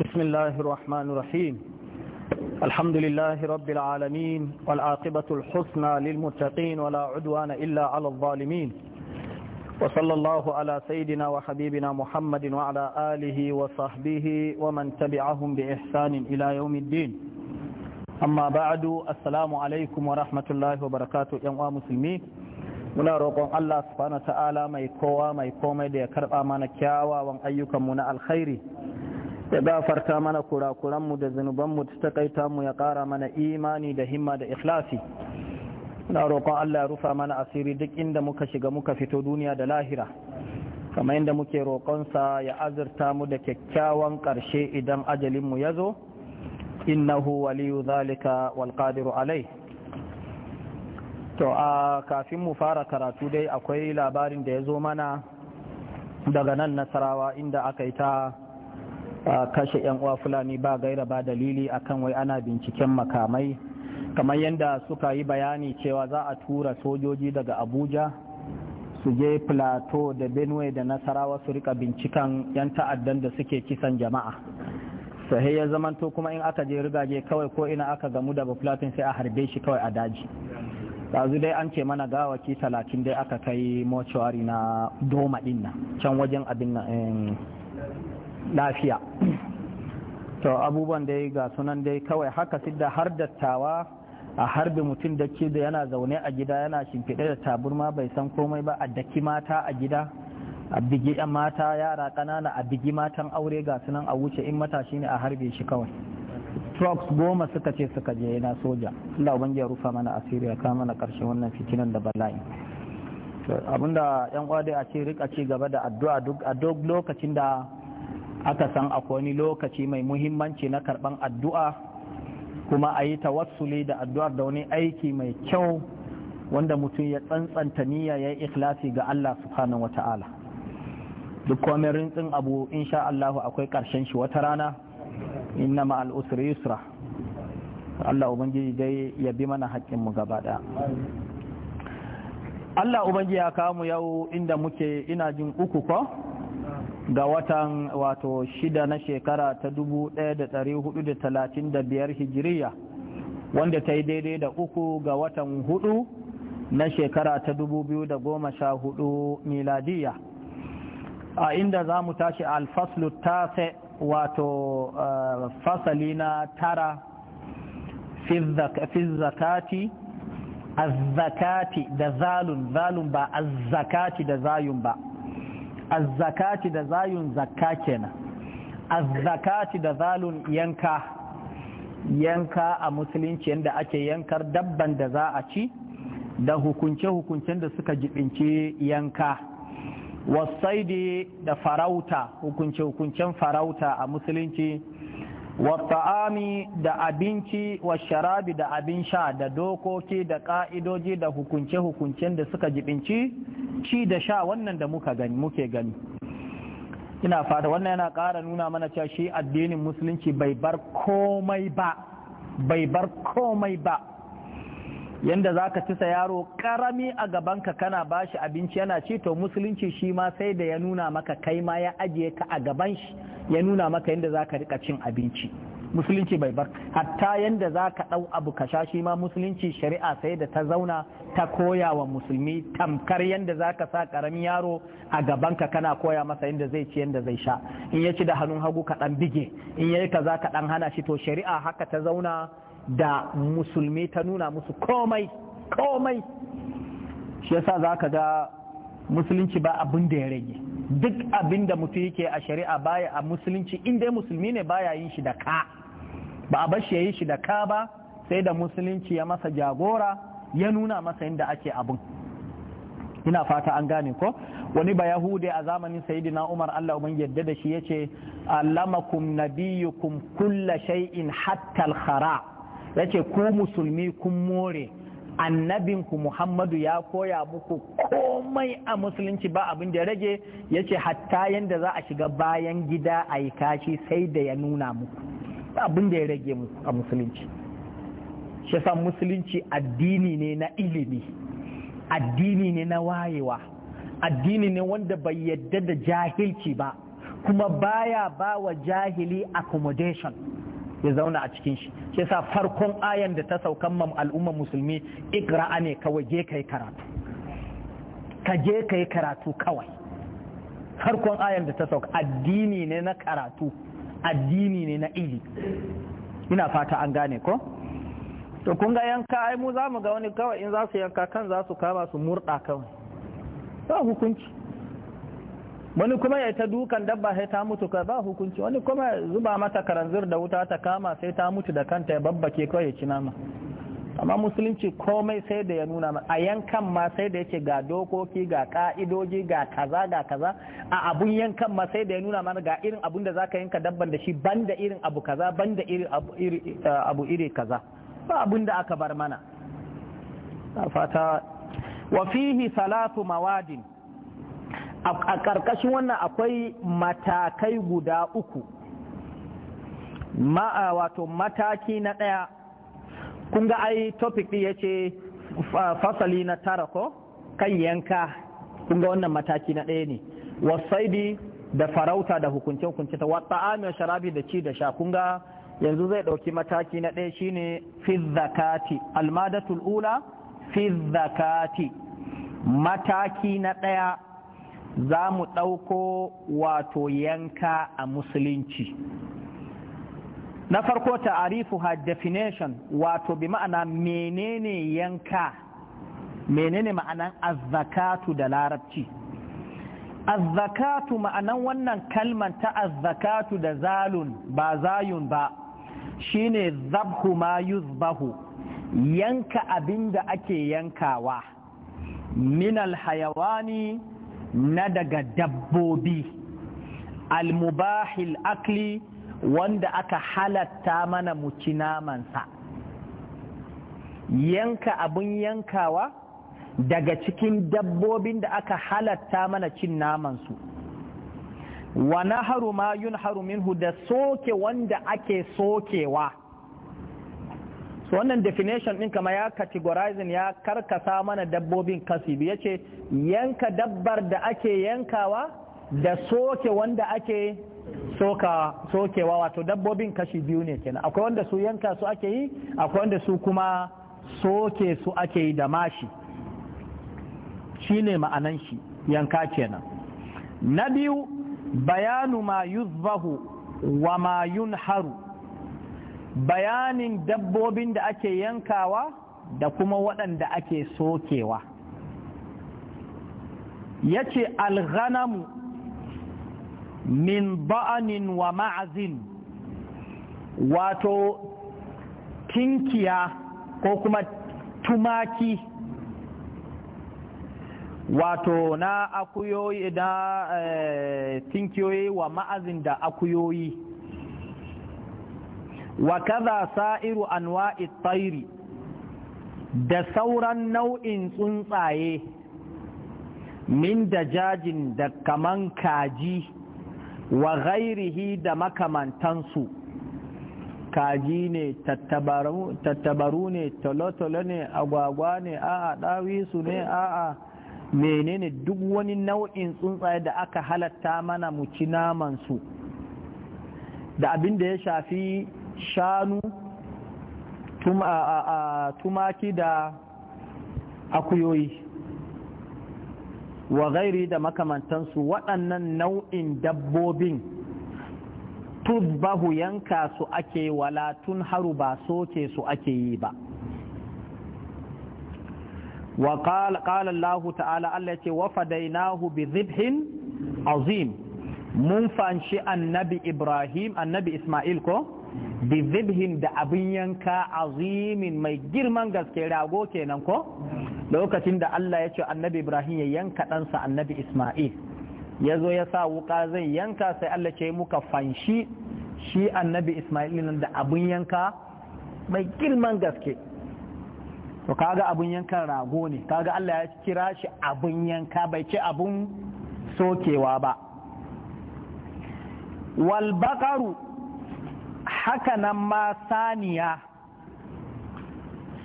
بسم الله الرحمن الرحيم الحمد لله رب العالمين والعاقبة الحسنى للمتقين ولا عدوان إلا على الظالمين وصلى الله على سيدنا وحبيبنا محمد وعلى آله وصحبه ومن تبعهم بإحسان إلى يوم الدين أما بعد السلام عليكم ورحمة الله وبركاته يا مسلمين muna roƙon Allah subhanahu ta'ala mai kowa mai komai da ya karɓa mana kyawawan ayyukanmu na alkhairi ya gafarta mana kurakuranmu da zunubanmu ta takaita mu ya kara mana imani da himma da ikhlasi na roƙon Allah ya rufa mana asiri duk inda muka shiga muka fito duniya da lahira kama inda muke roƙonsa ya azurta mu da kyakkyawan ƙarshe idan ajalinmu ya zo innahu waliyu zalika wal alai to a kafin mu fara karatu dai akwai labarin da ya zo mana daga nan nasarawa inda aka yi ta kashe 'yan uwa fulani ba gaira ba dalili akan wai ana binciken makamai kamar yadda suka yi bayani cewa za a tura sojoji daga abuja su je plateau da benue da nasarawa su rika bincikan 'yan ta'addan da suke kisan jama'a sahi ya zamanto kuma in aka je riga rigaje kawai ko ina aka gamu da plateau sai a harbe shi kawai a daji yanzu dai an ce mana gawaki talatin dai aka kai mortuary na doma din nan can wajen abin eh, lafiya to abubuwan da ga sunan dai kawai haka sidda har dattawa a harbi mutum da ke da yana zaune a gida yana shimfiɗe da taburma bai san komai ba a daki mata a gida a bigi mata yara ƙanana a bigi matan aure ga sunan a wuce in matashi ne a harbe shi kawai trucks goma suka ce suka je na soja inda ubangi ya rufa mana asiri ya kama mana karshe wannan fitinan da bala'i abinda yan uwa a ce rika ci gaba da addu'a duk a duk lokacin da aka san akwai wani lokaci mai muhimmanci na karban addu'a kuma a yi tawassuli da addu'ar da wani aiki mai kyau wanda mutum ya tsantsanta niyya ya yi ikhlasi ga Allah subhanahu wa ta'ala duk kome rintsin abu insha Allahu akwai ƙarshen shi wata rana inna ma al'usri yusra Allah ubangiji dai ya bi mana haƙƙin mu gaba ɗaya Allah ubangiji ya mu yau inda muke ina jin uku ko ga watan wato shida na shekara ta biyar hijiriya wanda ta yi daidai da uku ga watan hudu na shekara ta 2014 miladiya a inda za mu tashi alfaslu tafe wato eh, fasali na tara fi zakati zakati da zalun zalun ba zakati da zayun ba azzakati da zayun zakka kenan azzakati da zalun yanka yanka a musulunci yadda ake yankar dabban da za a ci da hukunce-hukuncen da suka jibinci yanka wasaidi da farauta hukunce-hukuncen farauta a musulunci wata'ami da abinci wa sharabi da abin sha da dokoki da ka'idoji da hukunce-hukuncen da suka jibinci ci da sha wannan da muka gani muke gani ina fata wannan yana ƙara nuna mana cewa shi addinin musulunci bai bar komai ba bai bar komai ba yanda za ka tisa yaro ƙarami a gabanka kana ba shi abinci yana ci to musulunci shi ma sai da ya nuna maka kai ma ya ajiye ka a gaban shi ya nuna maka yanda za ka riƙa cin abinci musulunci bai bar hatta yanda za ka ɗau abu ka sha shi ma musulunci shari'a sai da ta zauna ta koya wa musulmi tamkar yanda za ka sa ƙaramin yaro a gaban ka kana koya masa yanda zai ci yanda zai sha in ya ci da hannun hagu ka ɗan bige in ya yi ka za ka ɗan hana shi to shari'a haka ta zauna da musulmi ta nuna musu komai komai shi yasa za ka ga musulunci ba abin da ya rage duk abin da mutum yake a shari'a baya a musulunci inda musulmi ne baya yin shi da ka ba a bashi yi shi da ka ba sai da musulunci ya masa jagora ya nuna masa yadda ake abin ina fata an gane ko wani ba yahude a zamanin sayyidina umar allah umar yadda da shi yace allamakum nabiyukum kulla shay'in hatta al ya yace ku musulmi kun more annabinku muhammadu ya koya muku komai a musulunci ba abin da rage yace hatta yadda za a shiga bayan gida a yi kashi sai da ya nuna muku abin da ya rage a musulunci shi sa musulunci addini ne na ilimi addini ne na wayewa addini ne wanda bai yadda da jahilci ba kuma baya ba wa jahili accommodation ya zauna a cikin shi shi sa farkon ayan da ta saukan mam al'ummar musulmi ikra'a ne kawai je kai karatu ka je kai karatu kawai farkon ayan da ta sauka addini ne na karatu addini ne na iri ina fata an gane ko to kun ga yanka ai mu zamu ga wani kawai in za su yanka kan za su kama su murda kawai ba hukunci wani kuma ya ta dukan dabba sai ta mutu ka ba hukunci wani kuma zuba mata karanzir da wuta ta kama sai ta mutu da kanta ya babbake kawai ya ci nama amma musulunci komai sai da ya nuna a yankan ma sai da yake ga dokoki ga ka'idoji ga kaza ga kaza a abun yankan ma sai da ya nuna mana ga irin abun da zaka yanka dabban da shi banda irin abu kaza banda irin eh, abu iri kaza ba abun da aka bar mana fata wa fihi salatu mawadin a ƙarƙashin wannan akwai matakai guda uku eh, wato mataki na ɗaya Kunga ga ai topic ɗin yace fasali na tara ko kan yanka kun wannan mataki na ɗaya ne wasaidi da farauta da hukunce hukunce ta wata amiyar sharabi da ci da sha kun yanzu zai ɗauki mataki na ɗaya shine fi zakati almadatul ula fi zakati mataki na ɗaya za mu ɗauko wato yanka a musulunci na farko ta'arifu ha definition wato bi ma'ana menene yanka menene ma'anan azzakatu da larabci azzakatu ma'anan wannan kalman ta azzakatu da zalun ba zayun ba shine zabhu ma yuzbahu yanka abinda ake yankawa minal hayawani na daga dabbobi al mubahil akli wanda aka halatta mana mu ci namansa yanka abun yankawa daga cikin dabbobin da aka halatta mana cin namansu wa haru ma harumin minhu da soke wanda ake sokewa so wannan definition ɗin kama ya categorizing ya karkasa mana dabbobin kasibi ya ce yanka dabbar da ake yankawa da soke wanda ake soka sokewa wato dabbobin kashi biyu ne kenan akwai wanda su yanka su ake yi akwai wanda su kuma soke su ake yi da mashi shine ma'anan shi yanka kenan na biyu bayanu ma yuzbahu wa ma yunharu bayanin dabbobin da ake yankawa da kuma waɗanda ake sokewa yace alghanamu min ba'anin wa ma'azin wato tinkiya ko kuma tumaki wato na akuyoyi da eh, tinkiyoyi wa ma'azin da akuyoyi wa kaza sa'iru anwa'i tsairi da sauran nau'in tsuntsaye min da jajin da kaman kaji wa ghairihi da makamantansu kaji ne tattabaru ne tolotolo ne agwagwa ne a'a su ne a'a menene duk wani nau'in tsuntsaye da aka halatta mana mu ci namansu da abin da ya shafi shanu tumaki da akuyoyi wa gairi da makamantansu waɗannan nau'in dabbobin tuzbahu yanka su ake wala tun haru ba soke su ake yi ba wa ƙala Allah ta'ala Allah ce wa fadainahu bi zibhin azim mun fanshi annabi Ibrahim annabi Ismail ko bi zibhin da abin yanka azimin mai girman gaske rago kenan ko lokacin da Allah ya ce annabi Ibrahim ya yanka ɗansa annabi Ismail ya zo ya sa wuka zai yanka sai Allah ce muka fanshi shi annabi Ismail nan da abun yanka mai girman gaske to kaga abin yankan rago ne kaga Allah ya kira shi abun yanka bai ce abun sokewa ba Walbakaru baqaru haka nan ma saniya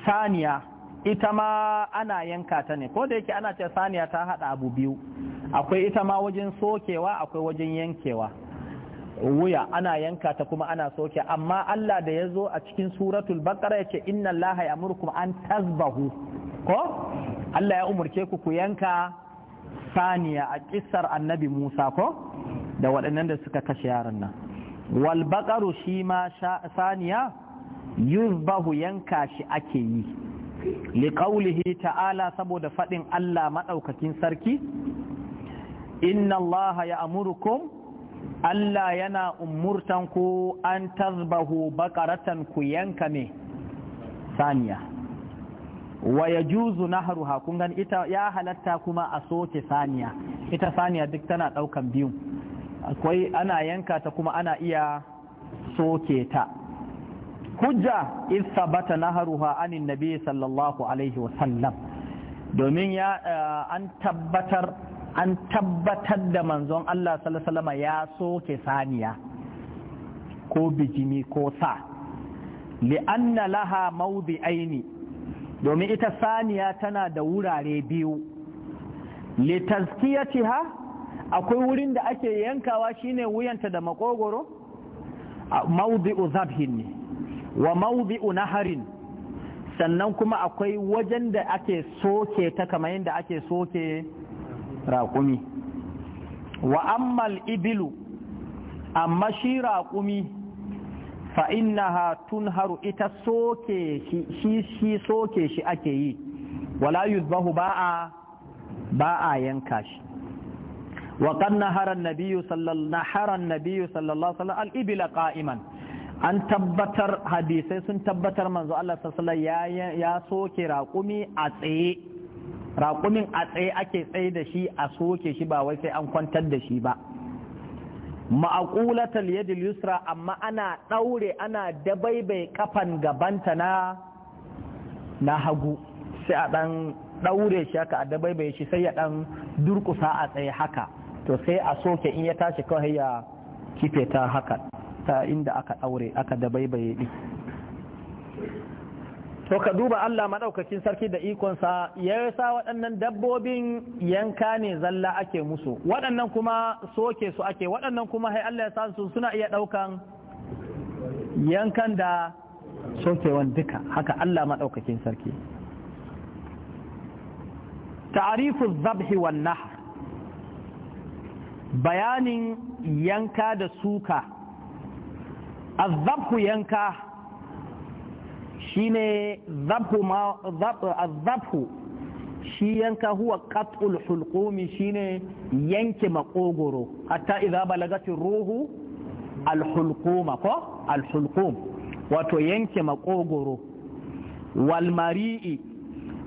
saniya ita ma ana yanka ta ne ko da yake ana ce saniya ta hada abu biyu akwai ita ma wajen sokewa akwai wajen yankewa wuya ana yanka ta kuma ana soke amma Allah da ya zo a cikin suratul baqara yace inna allaha ya'murukum an tasbahu ko Allah ya umurce ku ku yanka saniya a kissar annabi Musa ko da waɗannan da suka kashe yaran nan wal baqaru shi ma saniya yuzbahu yanka shi ake yi liƙaulihi ta'ala saboda faɗin Allah maɗaukakin sarki inna Allah ya amurkum Allah yana umurtan ku an tazbahu baƙaratan ku yanka me saniya wa ya juzu naharuha kun gani ita ya halatta kuma a soke saniya ita saniya duk tana ɗaukan biyu akwai ana yanka ta kuma ana iya soke ta hujja iz sabata naharuha anin nabi sallallahu alaihi wasallam domin ya eh, an tabbatar an tabbatar da manzon Allah sallallahu ya soke saniya ko bijimi ko sa li'anna laha maudi aini domin ita saniya tana da wurare biyu ha akwai wurin da ake yankawa shine wuyanta da makogoro maudi'u Uzabhin ne wa mawdi'u unaharin, sannan kuma akwai wajen da ake soke ta kamar yadda ake soke raƙumi wa ammal ibilu amma shi raƙumi fa innaha tunharu ita soke shi shi soke shi ake yi wala yuzbahu ba'a ba'a yanka shi wa qad nahara an-nabiyyu sallallahu nahara an-nabiyyu sallallahu alaihi wasallam al-ibla qa'iman an tabbatar hadisai sun tabbatar manzo Allah wasallam ya soke raƙumi a tsaye raƙumin a tsaye ake tsaye da shi a soke shi ba wai sai an kwantar da shi ba ma'aqulatal yadil yusra amma ana daure, ana dabaibai kafan gabanta na na hagu sai a dan daure shi haka a dabaibai shi sai ya dan durƙusa a tsaye haka to sai a soke in ya tashi kawai ya kife ta haka ta inda aka aure aka dabaibaye ɗin to ka duba Allah maɗaukakin sarki da ikon sa ya sa waɗannan dabbobin yanka ne zalla ake musu waɗannan kuma soke su ake waɗannan kuma hai Allah ya sa su suna iya ɗaukan yankan da sokewan duka haka Allah maɗaukakin sarki ta'arifu zabhi wan nahar bayanin yanka da suka azabku yanka ma azabhu shi yanka huwa hulkumi shi shine yanke makogoro hatta idza balagatir ruhu alhulquma ko alhulqum wato yanke makogoro wal mari'i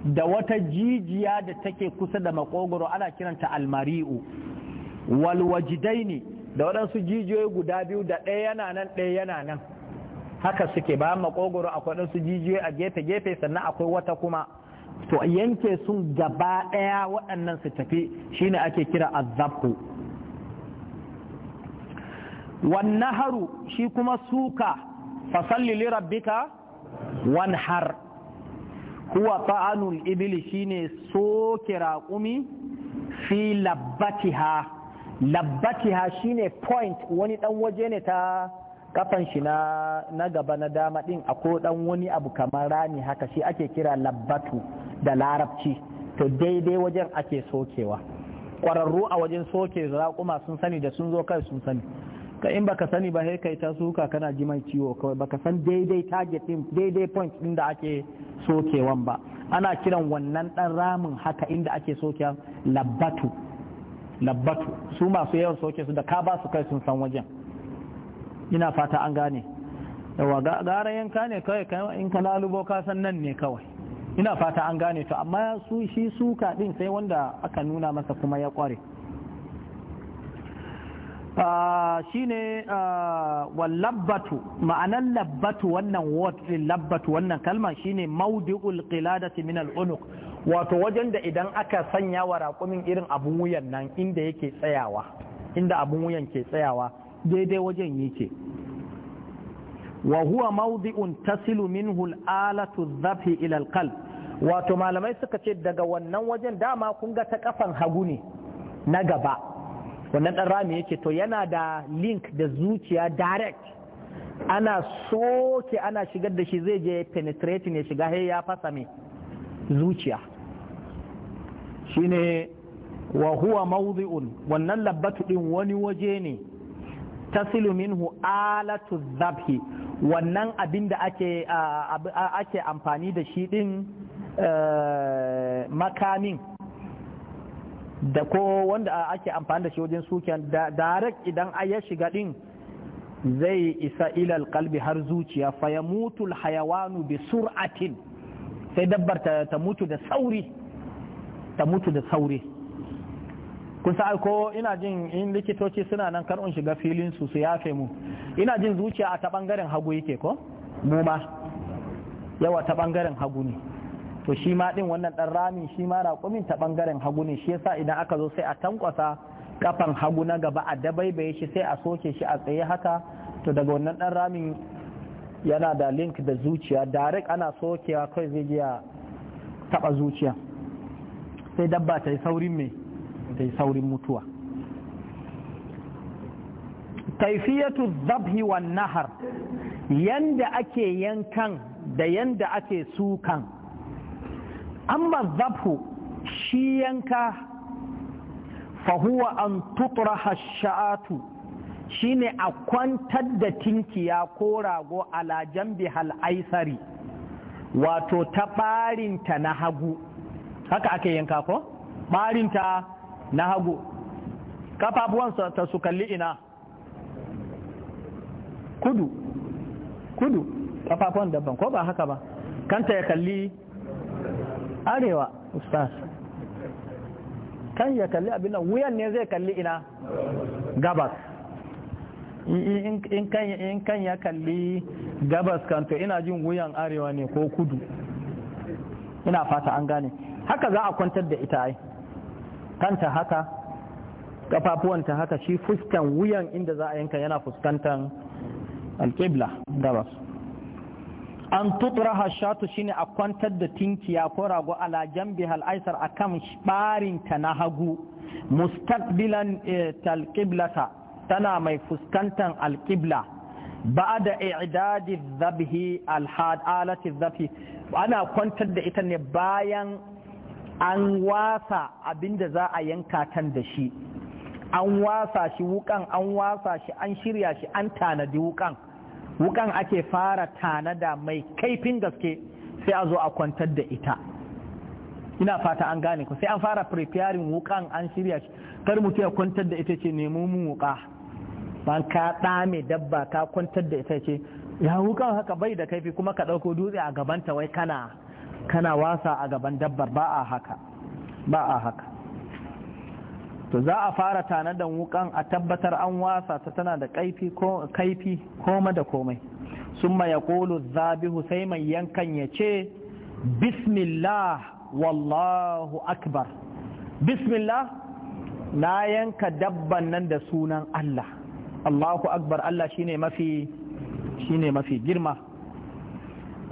da wata jijiya da take kusa da makogoro ana kiranta almari'u wal da waɗansu jijiyoyi guda biyu da ɗaya yana nan ɗaya yana nan haka suke ba makogoro akwai waɗansu jijiyoyi a gefe-gefe sannan akwai wata kuma to yanke sun gaba ɗaya waɗannan su tafi shine ake kira azabku wannan haru shi kuma suka fasalli li rabbika wanhar huwa ta'anul ibili shine soke raƙumi fi labbatiha labbatiha shine point wani dan waje ne ta kafan shi na na gaba na dama din akwai dan wani abu kamar rani haka shi ake kira labbatu da larabci to daidai wajen ake sokewa ƙwararru a wajen soke raƙuma sun sani da sun zo kai sun sani ka in baka sani ba sai kai ta suka kana ji mai ciwo kawai baka san daidai target din daidai point din da ake sokewan ba ana kiran wannan dan ramin haka inda ake sokewa labbatu labbatu su masu yawan sauke su da ka ba su kai sun san wajen ina fata an gane yawa gara yanka ne kawai in ka lalubo ka san nan ne kawai ina fata an gane to amma su shi suka din sai wanda aka nuna masa kuma ya kware shi ne wallabbatu ma'anan labbatu wannan word din labbatu wannan kalma shine maudi'ul qiladati min al-unuq wato wajen da idan aka sanya wa raƙumin irin abun wuyan nan inda yake tsayawa inda abun wuyan ke tsayawa daidai wajen yake wa huwa mawdi'un tasilu minhu alatu dhabhi ila wato malamai suka ce daga wannan wajen dama kun ga ta kafan hagu ne na gaba wannan dan rami yake to yana da link da zuciya direct ana soke ana shigar da shi zai je penetrating ya shiga ya fasa mai zuciya shine wa huwa mawdi'un wannan labbatu din wani waje ne tasilu minhu alatu dhabhi wannan abin da ake ake amfani da shi din eh, makamin da ko wanda ake amfani da shi wajen sukiyan direct idan ya shiga din zai isa ilal kalbi har zuciya fayamutul hayawanu bi sur'atin sai dabbar ta mutu da sauri ta mutu da sauri kusa ko ina jin in likitoci suna nan karɓun shiga filin su su yafe mu ina jin zuciya a ta ɓangaren hagu yake ko mu yawa ta ɓangaren hagu ne to shi ma ɗin wannan ɗan rami shi ma raƙumin ta ɓangaren hagu ne shi yasa idan aka zo sai a tankwasa kafan hagu na gaba a dabaibaye shi sai a soke shi a tsaye haka to daga wannan ɗan ramin yana da link da zuciya direct ana sokewa kai zai je taɓa zuciya sai dabba ta yi saurin mai ta yi saurin mutuwa Taifiyatu zabhi wa nahar yanda ake yankan da yanda ake sukan amma zabhu shi yanka fahuwa an hasha'atu shi shine a kwantar da tinkiya ko rago ala jambi hal aisari wato ta barinta na hagu haka ake yanka ko ɓarinta na hagu kafafuwansa ta su kalli ina kudu kudu kafafuwan dabban ko ba haka ba kanta ya kalli arewa ustaz kan ya kalli abin wuyan ne zai kalli ina gabas in kan ya kalli gabas kanto ina jin wuyan arewa ne ko kudu ina fata an gane haka za a kwantar da ita ai kanta haka kafafuwanta haka shi fuskan wuyan inda za a yanka yana fuskantan alƙibla gabas an tutraha shatu shine a kwantar da tinkiya ko rago ala jambi al'aisar a kan ta na hagu mustaqbilan eh, talqiblata tana mai fuskantan alƙibla ba'da i'dadi dhabhi alhad alati zabihi ana kwantar da ita ne bayan an wasa abin da za a yanka kan da shi an wasa shi wukan an wasa shi an shirya shi an tanadi wukan wukan ake fara tanada mai kaifin gaske sai a zo a kwantar da ita ina fata an gane ku sai an fara preparing wukan an shirya shi kar mutum ya kwantar da ita ce nemo mu wuka ban ka dame dabba ka kwantar da ita ce ya wukan haka bai da kaifi kuma ka ɗauko dutse a gabanta wai kana kana wasa a gaban dabbar ba a haka ba a haka to za a fara tanadan wukan a tabbatar an wasa ta tana da kaifi kaifi koma da komai summa yaqulu zabihu sai mai yankan ya ce bismillah wallahu akbar bismillah na yanka dabban nan da sunan Allah Allahu akbar Allah shine mafi shine mafi girma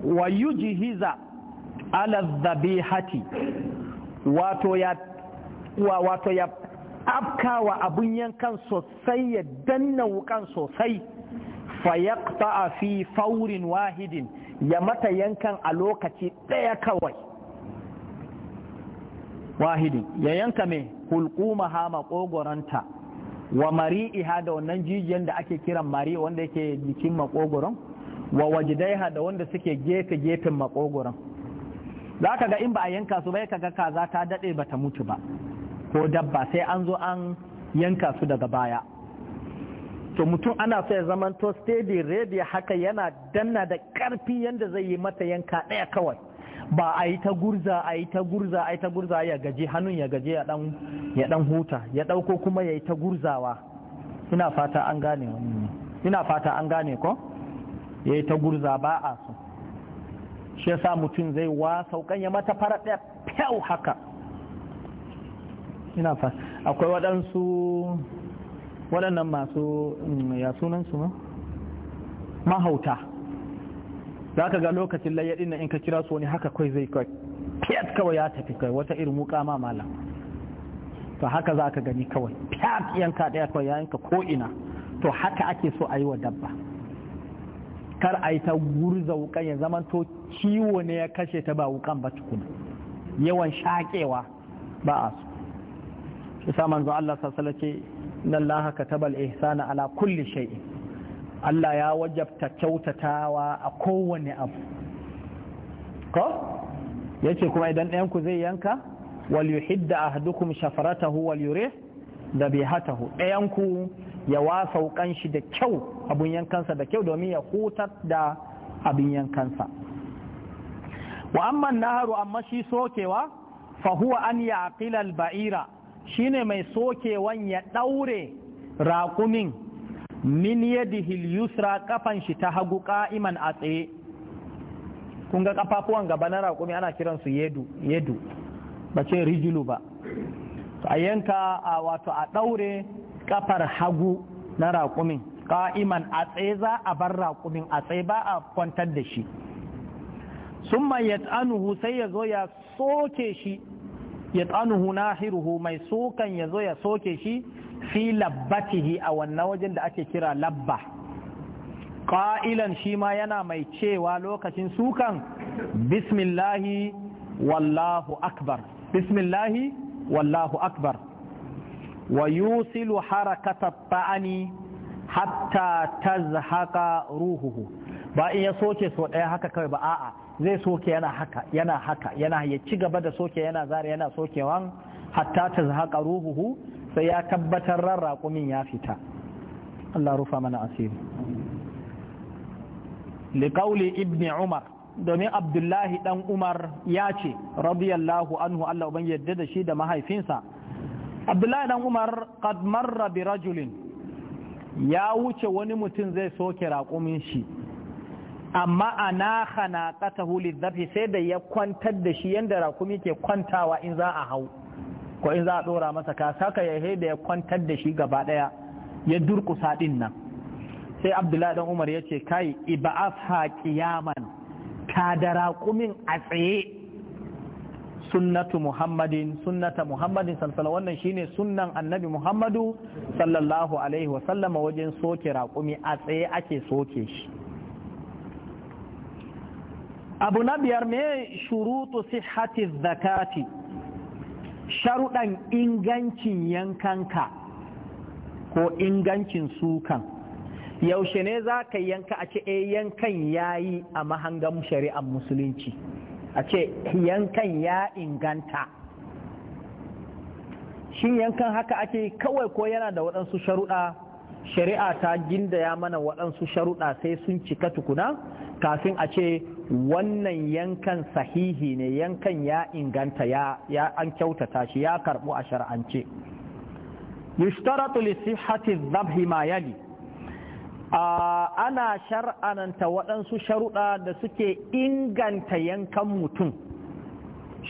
wa yujihiza alazzabihati wato ya wato ya afkawa abun yankan sosai ya danna wukan sosai fayaqta fi faurin wahidin ya mata yankan a lokaci ɗaya kawai wahidin ya yanka mai hulkuma ha makogoranta wa mari'iha da wannan jijiyan da ake kiran mari wanda yake jikin makogoron wa wajidaiha da wanda suke gefe gefen makogoron za ka ga in ba a yanka su bai kaga kaza ta daɗe ba ta mutu ba ko dabba sai an zo an yanka su daga baya to mutum ana so ya to steady radio haka yana danna da ƙarfi yadda zai yi mata yanka ɗaya kawai ba a yi ta gurza a yi ta gurza a yi ta gurza ya gaji hannun ya gaji ya dan huta ya dauko kuma ya yi ta gurzawa ina fata an gane ina fata an gane ko ya yi ta gurza ba a so shi ya sa mutum zai wa saukan ya mata fara ɗaya fiyau haka ina fa akwai waɗansu waɗannan masu mm, ya sunansu ma mahauta za ka ga lokacin layyaɗin na in ka kira su wani haka kai zai kai fiyat kawai ya tafi kai wata irin muka ma mala to haka za ka gani kawai fiyat yanka ɗaya kawai ya yanka ko ina to haka ake so a yi wa dabba kar a yi ta gurza wukan ya zama to ciwo ne ya kashe ta ba wukan ba tukuna yawan shaƙewa ba a su shi sa manzo Allah sassala ce inna Allah kataba al-ihsana ala kulli shay'in Allah ya wajabta kyautatawa a kowane abu ko yace kuma idan ɗayan ku zai yanka wal yuhidda ahadukum shafaratahu wal yurih dabihatahu ɗayan ku ya wasa wukan shi da kyau abin yankansa da kyau domin ya hutar da abin yankansa wa amman naharu amma shi sokewa fa huwa an yaqila al ba'ira shine mai sokewan ya ɗaure raƙumin? min yadihi al yusra shi ta hagu qa'iman a tsaye kun ga kafafuwan gaba na raƙumi ana kiransu yedu yedu ba ce rijulu ba a yanka a wato a ɗaure. kafar hagu na raƙumin ƙa'iman a tsaye za a bar raƙumin a tsaye ba a kwantar da shi sun mai tsanuhu sai ya zo ya soke shi ya na nahiruhu mai sokan ya zo ya soke shi fi labbatihi a wannan wajen da ake kira labba ƙa'ilan shi ma yana mai cewa lokacin sukan bismillahi wallahu akbar bismillahi wallahu akbar wa yusilu harakata حتى hatta روحه با ان يسوكي ya soke so ɗaya haka kai ba a'a zai soke yana haka yana haka yana ya ci gaba da soke yana zara yana sokewa hatta tazhaqa ruhuhu sai ya tabbatar rarraƙumin ya fita Allah rufa mana asiri qawli ibni umar domin abdullahi Dan umar ya ce radiyallahu anhu Allah ban yadda da shi da mahaifinsa abdullahi dan umar qad marra bi rajulin ya wuce wani mutum zai soke raƙumin shi amma ana khana qatahu lidhabi sai da ya kwantar da shi yanda raƙumi ke kwantawa in za a hau ko in za a dora masa ka saka ya da ya kwantar da shi gaba daya ya durkusa din nan sai abdullahi dan umar ya ce kai iba'af ha qiyaman ka da raƙumin a tsaye sunnatu muhammadin sunnata muhammadin sallallahu wannan shine sunnan annabi muhammadu sallallahu alaihi wasallama wajen soke raƙumi a tsaye ake soke shi abu na biyar me shurutu sihhati zakati sharuɗan ingancin yankanka ko ingancin sukan yaushe ne zaka yanka a ce e yankan yayi a mahangan shari'ar musulunci a ce yankan ya inganta shin yankan haka ake kawai ko yana da waɗansu sharuɗa shari'a ta gindaya mana waɗansu sharuɗa sai sun cika tukuna kafin a ce wannan yankan sahihi ne yankan ya inganta ya, an kyautata shi ya karɓu a shar'ance yushtaratu li sihhati dhabhi ma yali ana shar'ananta waɗansu sharuɗa da suke inganta yankan mutum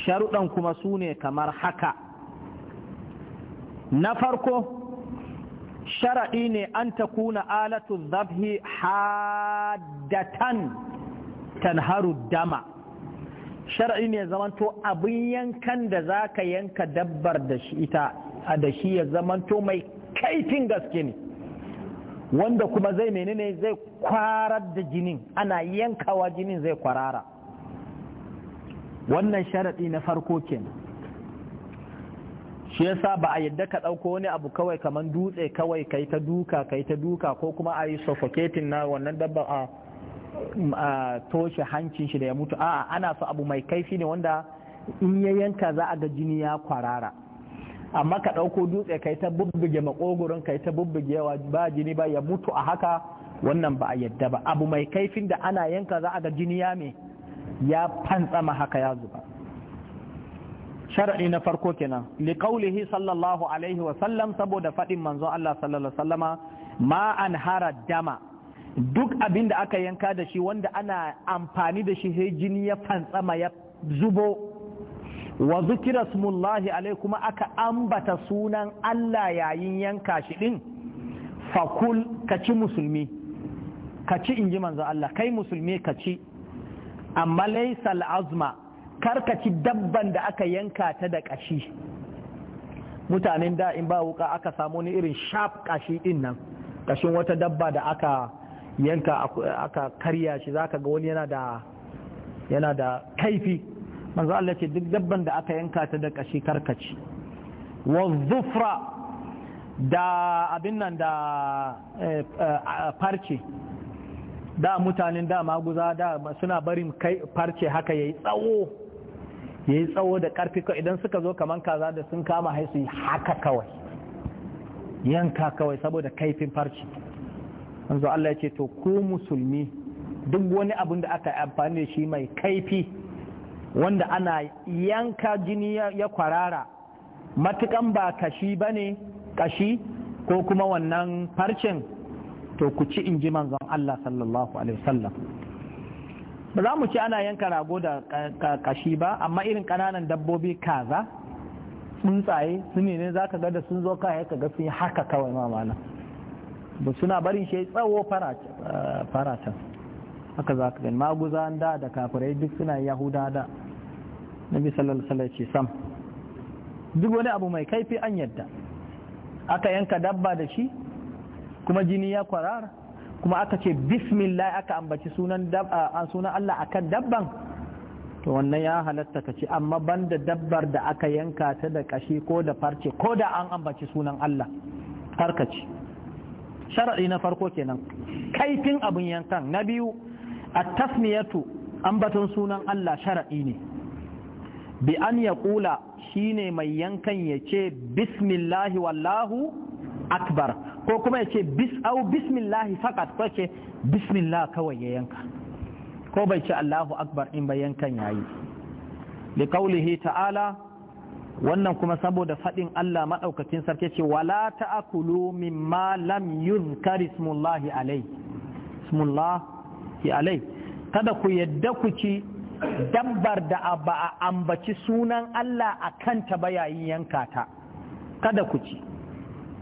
sharuɗan kuma su ne kamar haka na farko sharaɗi ne an ta kuna alatu zabhi haddatan tanharu dama sharaɗi ne zamanto abin yankan da za ka yanka dabbar da shi ita a da shi ya zamanto mai kaifin gaske ne wanda kuma zai menene zai kwarar da jinin ana yankawa jinin zai kwarara wannan sharaɗi na farko kenan shi yasa ba a yadda ka ɗauko wani abu kawai kamar dutse kawai kai ta duka kai ta duka ko kuma a yi suffocating na wannan dabba a toshe hancin shi da ya mutu a'a ana so abu mai kaifi ne wanda in ya yanka za a ga jini ya kwarara amma ka ɗauko dutse kai ta bubbuge makogoron kai ta bubbuge ba jini ba ya mutu a haka wannan ba a yadda ba abu mai kaifin da ana yanka za a ga jini ya me ya fantsama haka ya zuba shar'i na farko kenan li qaulihi sallallahu alaihi wa sallam saboda fadin manzo Allah sallallahu alaihi wasallama ma an hara dama duk abinda aka yanka da shi wanda ana amfani da shi sai jini ya fantsama ya zubo wa zikira smullahi alai kuma aka ambata sunan Allah yayin yanka shi ɗin? fakul ka ci musulmi ka ci inji manzo Allah kai musulmi ka ci amma laysal azma kar ka ci dabban da aka yanka ta da ƙashi. mutanen da in ba wuka aka samu ni irin sharp kashi din nan kashin wata dabba da aka yanka aka karya shi zaka ga wani yana yana da kaifi manzo Allah ce duk dabban da aka yanka ta da kashi karkaci wa zufra da abin nan da eh, eh, farce da mutanen da maguza da suna barin kai farce haka yayi tsawo yayi tsawo da karfi idan suka zo kaman kaza da sun kama haisu haka kawai yanka kawai saboda kaifin farce manzo Allah ya ce to ku musulmi duk wani abin da aka amfani da shi mai kaifi wanda ana yanka jini ya kwarara matukan ba kashi ba ne kashi ko kuma wannan farcen to ku ci in ji manzon Allah sallallahu alaihi wasallam ba za mu ci ana yanka rago da kashi ba amma irin kananan dabbobi kaza tsuntsaye su ne ne za ka ga da sun zo kaya ka ga sun yi haka kawai mamana ba suna barin shi tsawo fara can. haka za ka gani maguza da da kafirai duk suna yahuda da na bisalar alaihi sam duk wani abu mai kaifi an yadda aka yanka dabba da shi kuma jini ya kwarar, kuma aka ce bismillah aka ambaci sunan sunan Allah akan dabban to wannan ya halatta ka ce? amma banda dabbar da aka yanka ta da kashi ko da farce ko da an ambaci sunan Allah har ka shar'i na farko kenan kaifin abin yankan na biyu at-tasmiyatu ambaton sunan Allah shar'i ne bi an yaqula shine mai yankan yace bismillahi wallahu akbar ko kuma yace bis au bismillahi faqat ko yace bismillah kawai ya yanka ko bai ce Allahu akbar in bai yankan yayi li qawlihi ta'ala wannan kuma saboda faɗin Allah maɗaukacin sarki ce wala ta'akulu mimma lam yuzkar ismullahi alai ismullah Ki alai kada ku yadda ku ci dabbar da ba a ambaci sunan Allah a kanta ba yayin yanka ta kada ku ci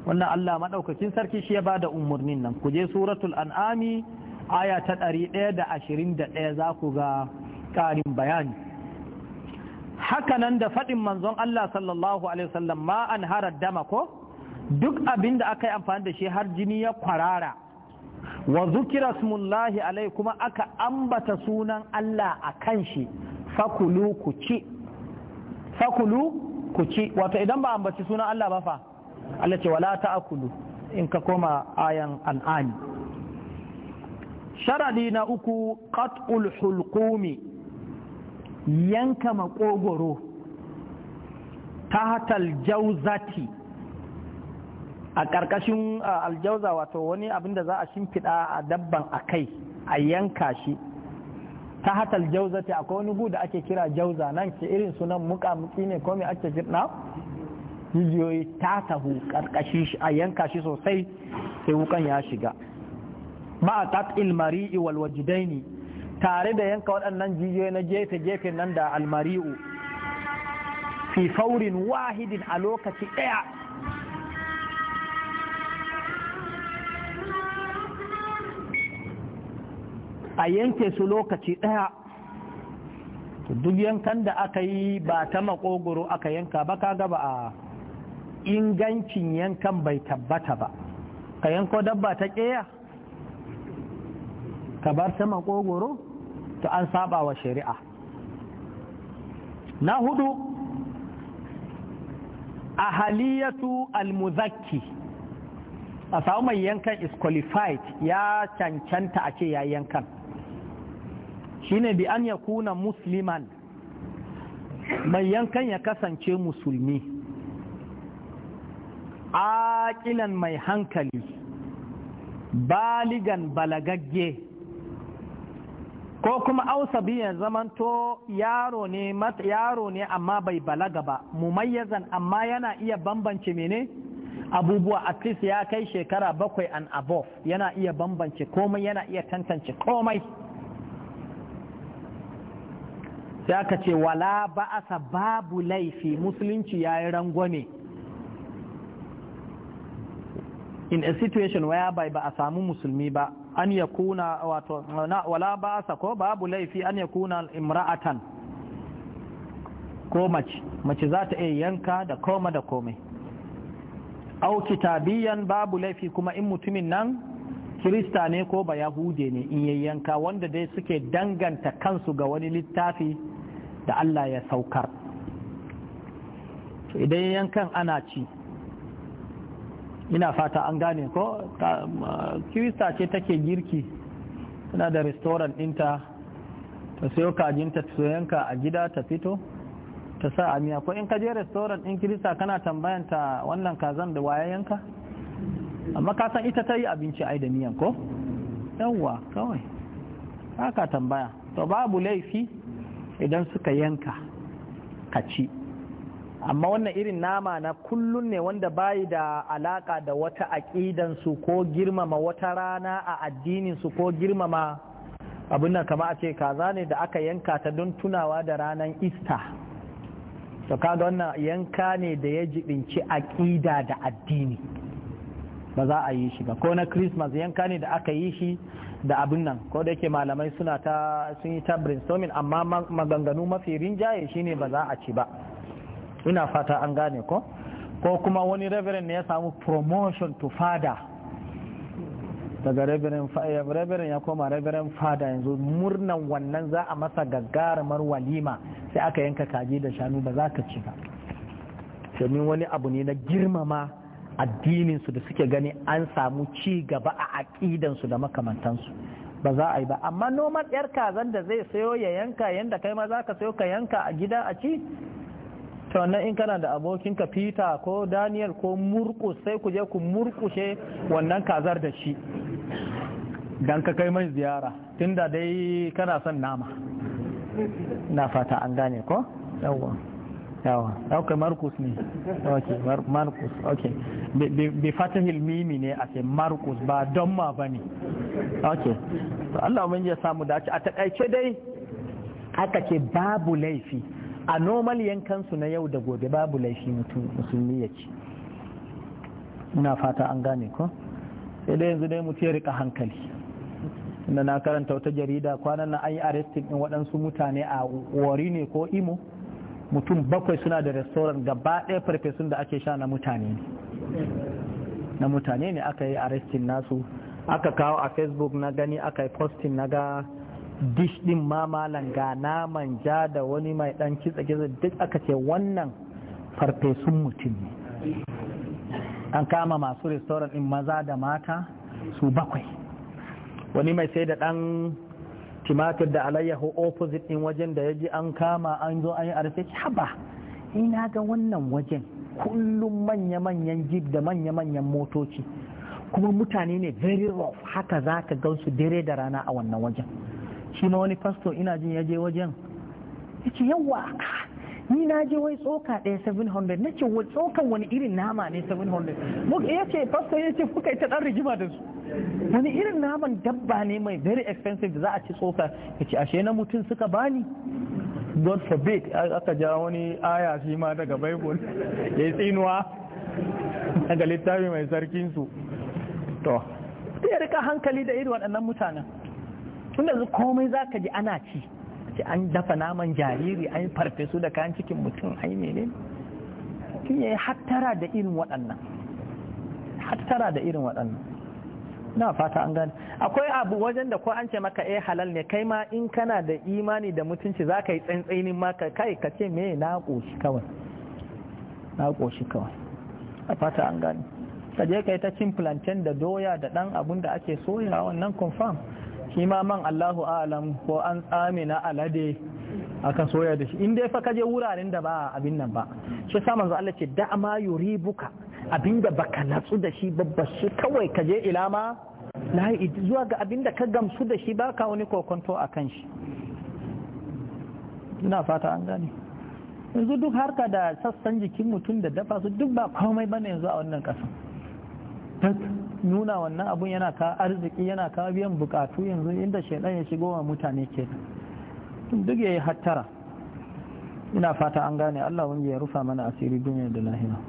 wannan Allah maɗaukacin sarki shi ya bada umarnin nan ku je suratul an'ami aya ta ɗari ɗaya da ashirin da ɗaya za ku ga ƙarin bayani Haka nan da faɗin manzon Allah sallallahu alaihi wasallam ma an harar dama ko duk abinda da aka yi amfani da shi har jini ya kwarara wa zukira lahi alai kuma aka ambata sunan Allah a kan shi fakulu ku ci fakulu ku ci wato idan ba ambaci sunan Allah ba fa Allah ce wala akulu in ka koma ayan al'ani sharadi na uku qat'ul hulqumi yanka makogoro tahatal jauzati a ƙarƙashin aljauza wato wani abin da za a shimfiɗa a dabban a kai a yanka shi ta hata aljauza ta akwai wani gu da ake kira jauza nan ke irin sunan mukamuki ne ko ake jirna jijiyoyi ta tahu ƙarƙashi a yanka shi sosai sai wukan ya shiga ma a tat ilmari'i wal wajidaini tare da yanka waɗannan jijiyoyi na gefe gefe nan da almari'u fi faurin wahidin a lokaci ɗaya a yanke su lokaci ɗaya duk yankan da aka yi ba ta makogoro aka yanka ba kaga ba a ingancin yankan bai tabbata ba ka yanko dabba ta ƙeya ka bar ta makogoro to an saba wa shari'a na hudu ahaliyatu almuzakki a samu mai yankan is qualified ya cancanta a ce ya yankan shine bi an yakuna musliman mai yankan ya kasance musulmi aƙilan mai hankali baligan balagagge ko kuma ausabi ya zamanto yaro ne yaro ne amma bai balaga ba mumayyazan amma yana iya bambance mene abubuwa at least ya kai shekara bakwai an above yana iya bambance komai yana iya tantance komai sai aka ce wala ba'asa babu laifi musulunci ya yi rangwame in a situation where bai ba a samu musulmi ba an ya kuna wato wala ba'asa ko babu laifi an ya kuna imra'atan ko mace mace za ta iya yanka da koma da komai au kitabiyan babu laifi kuma in mutumin nan kirista ne ko ba yahude ne in yayyanka wanda dai suke danganta kansu ga wani littafi da Allah ya saukar idan yankan ana ci ina fata an gane ko kirista ce take girki tana da restoran dinta ta sayo kajinta ta yanka a gida ta fito ta sa a miya ko in ka je restoran ɗin kirista kana tambayanta wannan kazan da waya yanka amma ka san ita ta yi abinci ai da miyan ko yawwa kawai haka tambaya to babu laifi idan suka yanka ka ci amma wannan irin nama na kullum ne wanda bayi da alaka da wata aƙidansu ko girmama wata rana a addininsu ko girmama abin nan kama a ce kaza ne da aka yanka ta don tunawa da ranar ista to kaga wannan yanka ne da ya jibinci aƙida da addini ba za a yi shi ba ko na christmas yanka ne da aka yi shi da abin nan ko da yake malamai suna ta sun yi ta brainstorming amma maganganu mafi rinjaye shine ba za a ci ba ina fata an gane ko ko kuma wani reverend ne ya samu promotion to father. daga eh, reverend ya koma reverend Father yanzu murnan wannan za a masa gagarumar walima sai aka yanka kaji da shanu ba za ka ci ba domin wani abu ne na girmama addinin su da suke gani an samu ci gaba a aƙidansu da makamantansu ba za a yi ba amma noman yar kazan da zai sayo ya yanka yanda kai ma za ka sayo ka yanka a gida a ci ta wannan in kana da abokinka peter ko daniel ko murkus sai ku je ku murkushe wannan kazar da shi don ka kai mai ziyara tunda dai kana son nama na fata an gane ko yawwa yawa ok markus ne ok markus ok bi mimi ne a ce markus ba don ma ba ne ok to allah mun ya samu dace a takaice dai aka ce babu laifi a normal yankansu na yau da gobe babu laifi musulmi ya ce ina fata an gane ko sai dai yanzu dai mutu ya rika hankali inda na karanta wata jarida kwanan na an yi arrestin waɗansu mutane a wari ne ko imo mutum bakwai suna da restoran gaba ɗaya farfesun da ake sha na mutane ne na mutane ne aka yi arrestin nasu aka kawo a facebook na gani aka yi posting na ga dish din mamalan ga naman ja da wani mai dan kitsa kitsa duk aka ce wannan farfesun mutum ne an kama masu restoran din maza da mata su bakwai wani mai sai da dan timatir da alayyahu opposite din wajen da ya ji an kama an zo an yi arfe haba ina ga wannan wajen kullum manya-manyan jib da manya-manyan motoci kuma mutane ne very rough haka za ka gansu dare da rana a wannan wajen shi ma wani pastor ina jin ya je wajen ya ce yawa ni na je wai tsoka ɗaya 700 na ce tsokan wani irin nama ne 700 ya ce pastor ya ce kuka ita ɗan rigima da su wani irin naman dabba ne mai very expensive da za a ci tsoka ya ce ashe na mutum suka bani god forbid aka ja wani aya shi ma daga bible ya yi tsinuwa daga littafi mai sarkinsu to ya rika hankali da irin waɗannan mutanen tunda komai za ka ji ana ci ce an dafa naman jariri an farfesu da kayan cikin mutum ai menene mutum ya yi hattara da irin waɗannan hattara da irin waɗannan na fata an gane akwai abu wajen da ko an ce maka eh halal ne kai ma in kana da imani da mutunci za ka yi tsantsainin maka kai ka ce me na ƙoshi kawai na ƙoshi kawai a fata an gane ka je ka yi ta cin plantain da doya da ɗan abun da ake soya wannan confirm shi ma man Allahu alam ko an na alade aka soya da shi in dai fa ka je wuraren da ba abin nan ba shi sa manzo Allah ce da ma yuribuka abinda baka natsu da shi babba su kawai ka je ilama layi. zuwa ga abinda ka gamsu da shi baka wani kokonto a kan shi ina fata an gane yanzu duk harka da sassan jikin mutum da dafa su duk ba komai bane yanzu a wannan ƙasa nuna wannan abun yana ka arziki yana ka biyan bukatu yanzu inda shaidan ya shigo wa mutane ke duk ya yi hattara ina fata an gane Allah wani ya rufa mana asiri duniya da lahira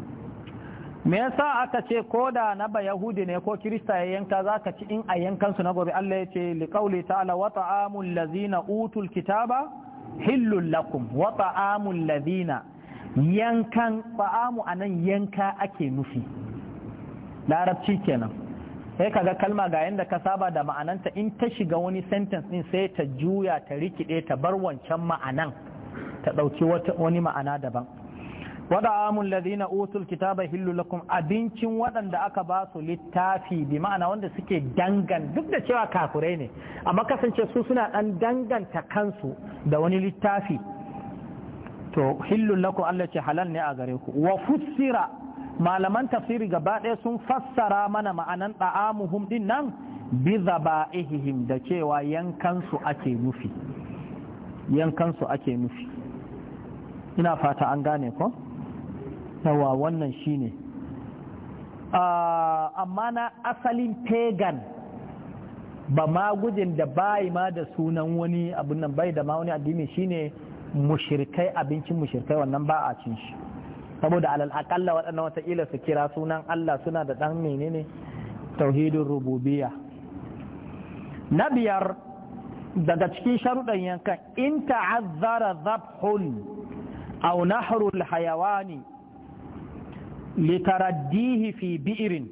me yasa aka ce ko da na ba yahudi ne ko kirista ya yanka za ka ci in a yankansu na gobe Allah ya ce liƙauli ta'ala wa ta'amul lazina utul kitaba hillul lakum wa ta'amul lazina yankan ta'amu anan yanka ake nufi larabci kenan sai kaga kalma ga yanda ka saba da ma'ananta in ta shiga wani sentence din sai ta juya ta rikide ta bar wancan ma'anan ta ɗauki wani ma'ana daban wada amul ladina utul kitaba hillu lakum abincin waɗanda aka ba su littafi bi ma'ana wanda suke dangan duk da cewa kafurai ne amma kasance su suna dan danganta kansu da wani littafi to hillu lakum Allah ce halal ne a gare ku wa fussira malaman tafsiri gaba ɗaya sun fassara mana ma'anan da'amuhum din nan bi zaba'ihim da cewa yankansu ake nufi su ake nufi ina fata an gane ko yawa wannan shine ah, amma na asalin pagan ba ma gujin da bai ma da sunan wani abin nan bai da ma wani addini shine mushirkai abincin mushirkai wannan ba a cin shi saboda alal akalla waɗannan wataƙila su kira sunan Allah suna da ɗan menene tauhidin rububiya na biyar daga cikin sharuɗan yankan in ta'azzara zabhun aw nahrul hayawani litaraddihi fi bi'irin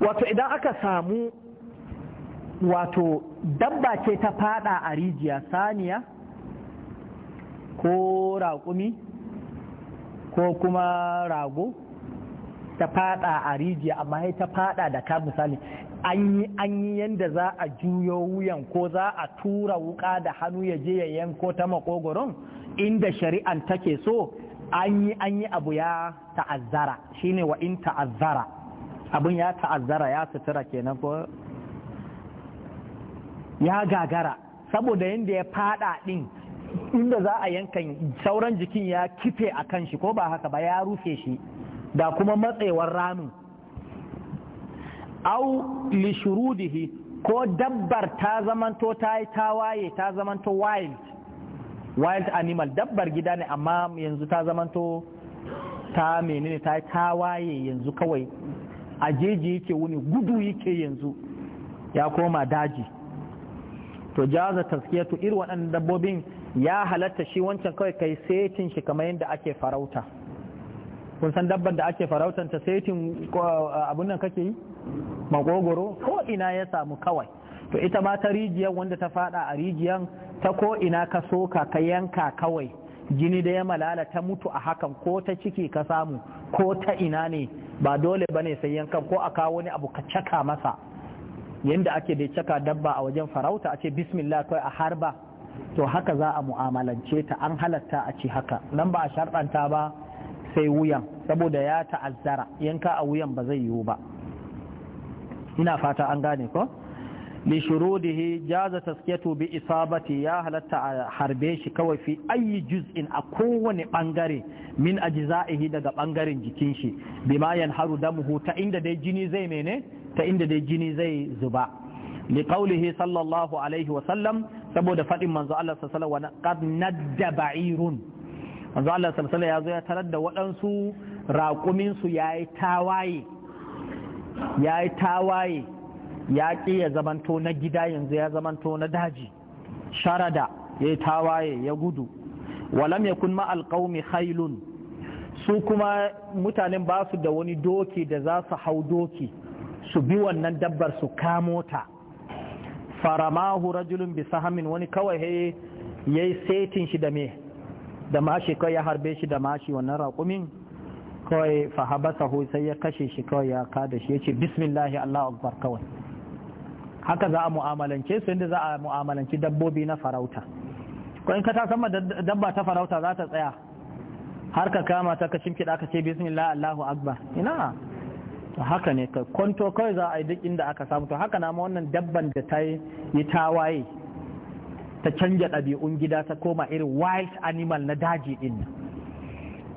wato idan aka samu wato dabba ce ta fada a rijiya saniya ko raƙumi ko kuma rago ta fada a rijiya amma sai ta fada da ka misali an yi an yanda za a juyo wuyan ko za a tura wuka da hannu ya je ya yanko ta makogoron inda shari'an take so an yi an yi abu ya ta'azzara shine wa in ta'azzara abun ya ta'azzara ya sutura kenan ko ya gagara saboda yadda ya fada din inda za a yankan sauran jikin ya kife a kan shi ko ba haka ba ya rufe shi da kuma matsewar ramin au lishurudihi ko dabbar ta zamanto ta yi ta waye ta zamanto wild wild animal dabbar gida ne amma yanzu ta zamanto ta menene ta ta waye yanzu kawai a jeji yake wuni gudu yake yanzu ya koma daji to jaza taskiyatu irin waɗannan dabbobin ya halatta shi wancan kawai kai setin shi kamar yadda ake farauta kun san dabbar da ake farautanta ta setin abun nan kake yi magogoro ko ina ya samu kawai to ita ma ta rijiyar wanda ta fada a rijiyar ta ko ina ka soka ka yanka kawai jini da ya malala ta mutu a hakan ko ta ciki ka samu ko ta ina ne ba dole ba ne sai yankan ko a kawo wani abu ka caka masa yadda ake da caka dabba a wajen farauta a ce bismillah kawai a harba to haka za a mu'amalance ta an halatta a ce haka nan ba a sharɗanta ba sai wuyan saboda ya ta'azzara yanka a wuyan ba zai yiwu ba ina fata an gane ko li shurudihi jaza taskiyatu bi isabati ya halatta a harbe shi kawai fi ayi juz'in a kowane bangare min ajza'ihi daga bangaren jikin shi bima yanharu damuhu ta inda dai jini zai mene ta inda dai jini zai zuba li qawlihi sallallahu alaihi wa sallam saboda fadin manzo Allah sallallahu alaihi wa sallam nadda ba'irun manzo Allah sallallahu alaihi ya zo ya tarar da waɗansu raƙumin su yayi tawaye yayi tawaye ya ƙi ya zamanto na gida yanzu ya zamanto na daji sharada ya yi tawaye ya gudu walam ya kun ma'alƙaumi hailun su kuma mutanen ba su da wani doki da za su hau doki su bi wannan dabbar su kamo ta faramahu rajulun bi sahamin wani kawai ya yi setin shi da me da mashi kawai ya harbe shi da mashi wannan raƙumin kawai fahabasa sai ya kashe shi kawai ya kada shi ya ce bismillahi allah akbar kawai haka za a mu'amalance su inda za a mu'amalanci dabbobi na farauta ko in ka ta sama dabba ta farauta za ta tsaya har ka kama ta ka shimfiɗa ka ce bismillah allahu akbar ina to haka ne ka kwanto kawai za a yi duk inda aka samu to haka na ma wannan dabban da ta yi tawaye ta canja ɗabi'un gida ta koma irin wild animal na daji din.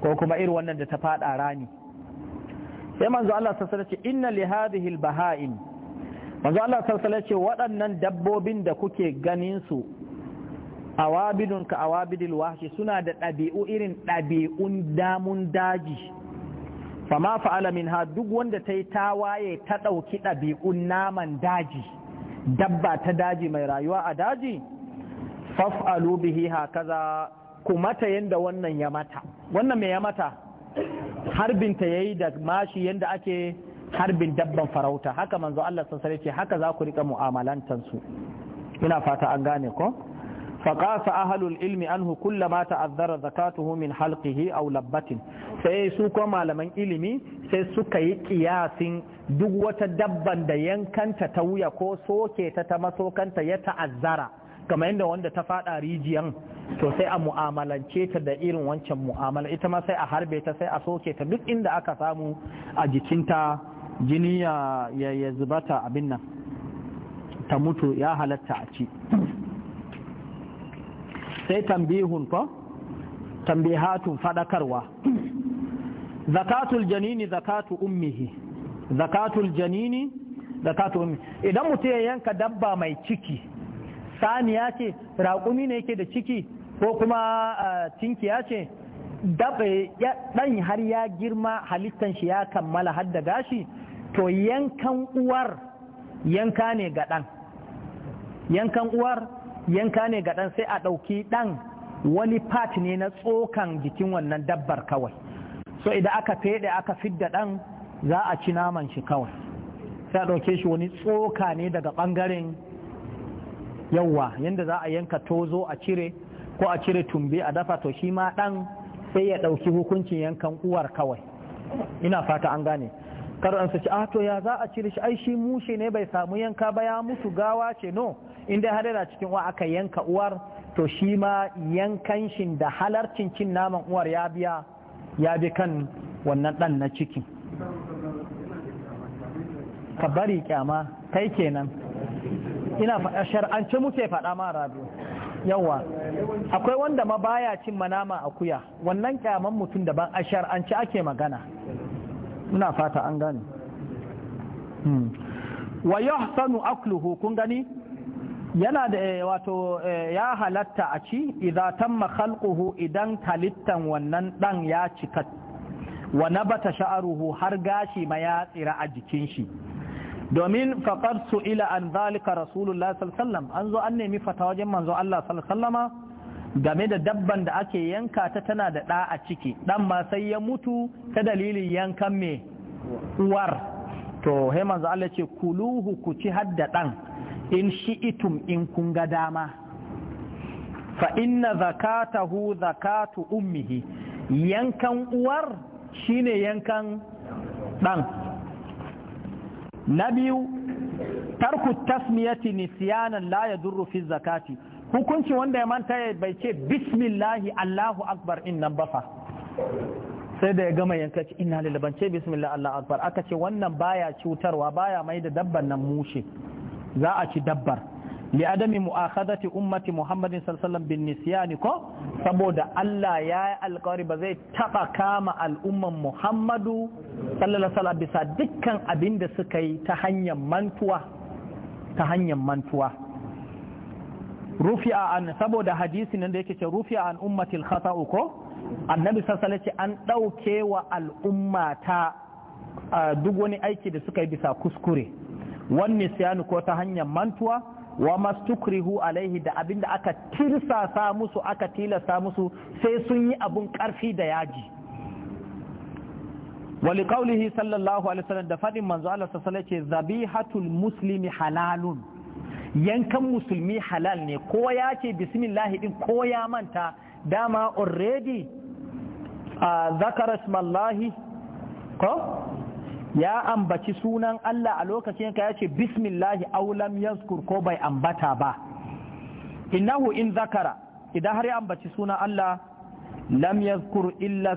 ko kuma irin wannan da ta faɗa rani sai manzo Allah sassara ce inna li hadhihi al-baha'in manzo Allah sallallahu ce waɗannan dabbobin da kuke ganin su awabidun ka awabidil wahshi suna da ɗabi'u irin ɗabi'un damun daji fama fa'ala ha duk wanda ta yi tawaye ta ɗauki ɗabi'un naman daji dabba ta daji mai rayuwa a daji faf'alu bihi hakaza ku mata yanda wannan ya mata wannan mai ya mata harbinta yayi da mashi yanda ake harbin dabban farauta haka manzo Allah sassare ce haka za ku rika mu'amalantansu ina fata an gane ko faƙasa ahalul ilmi kulla ma ta'azzara zakatuhu min halqihi aw labbatin sai su ko malaman ilimi sai suka yi kiyasin duk wata dabban da yankanta ta wuya ko soke ta ta masokanta ya ta'azzara kamar yadda wanda ta fada rijiyan to sai a mu'amalance ta da irin wancan mu'amala ita ma sai a harbe ta sai a soke ta duk inda aka samu a jikinta jini ya ya zubata abin nan ta mutu ya halatta a ci sai tambihun fa tambihatun fadakarwa zakatul janini zakatu ummihi zakatul janini zakatu ummi idan mutum ya yanka dabba mai ciki saniya ce raƙumi ne yake da ciki ko kuma tinkiya ce dan har ya girma halittan shi ya kammala har da gashi to yankan uwar yanka ne ga ɗan yankan uwar yanka ne ga ɗan sai a ɗauki ɗan wani part ne na tsokan jikin wannan dabbar kawai so idan aka feɗe aka fidda ɗan za a ci naman shi kawai sai a ɗauke shi wani tsoka ne daga ɓangaren yawwa yadda za a yanka tozo a cire ko a cire tumbe a dafa to shi ma ɗan sai ya ɗauki hukuncin yankan uwar kawai ina fata an gane kar an sace ah ya za a cire shi ai shi mushe ne bai samu yanka ba ya musu gawa ce no inda har yana cikin uwa aka yanka uwar to shi ma yankan shin da halarcin cin naman uwar ya biya ya bi kan wannan dan na ciki ka bari kyama kai kenan ina faɗa shar'ance muke faɗa ma rabiu yawa akwai wanda ma baya cin manama akuya wannan kyaman mutum daban a shar'ance ake magana ina fata an gane hmm. wa yahsanu akluhu kun gani yana da eh, wato eh, ya halatta a ci idan tamma khalquhu idan halittan wannan dan ya cika wa nabata sha'ruhu har gashi ma ya tsira a jikin shi domin faqad ila an zalika rasulullah sallallahu alaihi wasallam an zo an nemi fata wajen manzo Allah sallallahu alaihi wasallama game da dabban da ake yanka ta tana da ɗa a ciki ɗan ma sai ya mutu ta dalilin yankan mai uwar to he manzo Allah ce kuluhu ku ci hadda ɗan in shi'itum in kun ga dama fa inna zakatahu zakatu ummihi yankan uwar shine yankan ɗan na biyu tarku tasmiyati nisyanan la yadurru fi zakati hukunci wanda ya manta ya bai ce bismillahi allahu akbar in nan ba fa sai da ya gama yanka ce ina lilabance bismillah allahu akbar aka ce wannan baya cutarwa baya mai da dabban nan mushe za a ci dabbar li adami mu'akhadati ummati muhammadin sallallahu bin nisyani ko saboda Allah ya yi alkawari ba zai taba kama al'umman muhammadu sallallahu alaihi bisa dukkan abin da suka yi ta hanyar mantuwa ta hanyar mantuwa rufi'a an saboda hadisi nan da yake ce rufi'a an ummatil khata'u ko annabi sallallahu alaihi an dauke wa al'umma ta duk wani aiki da suka yi bisa kuskure wani siyanu ko ta hanyar mantuwa wa mastukrihu alaihi da abinda aka tirsasa musu aka tilasta musu sai sun yi abun karfi da yaji wali qaulihi sallallahu alaihi wasallam da fadin manzo Allah sallallahu alaihi wasallam zabihatul muslimi halalun yankan musulmi halal ne ko ya ce bismillahi din ko ya manta dama already a zakara smallahi ko ya ambaci sunan Allah a lokacin ka ya ce bismillahi aulam yaskur ko bai ambata ba innahu in zakara idan har ya ambaci sunan Allah lam yazkur illa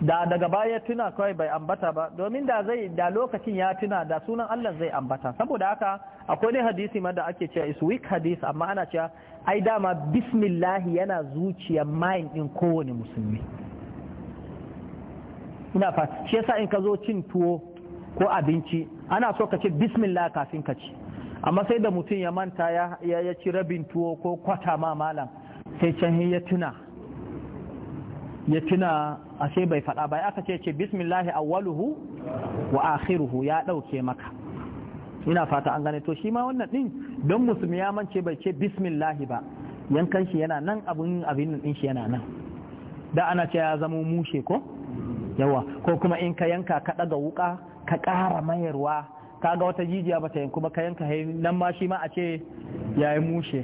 da daga baya tuna kawai bai ambata ba domin da zai da lokacin ya tuna da sunan Allah zai ambata saboda haka akwai ne hadisi ma da ake cewa is weak hadith amma ana cewa ai dama bismillah yana zuciyar mind din kowane musulmi ina fa shi yasa in ka zo cin tuwo ko abinci ana so ka ce bismillah kafin ka ci amma sai da mutum ya manta ya ci rabin tuwo ko kwata ma malam sai can ya tuna ya tuna ashe bai faɗa ba aka ce ce bismillahi awwaluhu wa akhiruhu ya ɗauke maka ina fata an gane to shi ma wannan din don musulmi ya mance bai ce bismillahi ba yankan shi yana nan abin abin din shi yana nan da ana ce ya zama mushe ko yawa ko kuma in ka yanka ka ɗaga wuka ka kara mayarwa ka ga wata jijiya ba ta yanku ba ka yanka nan ma shi ma a ce ya mushe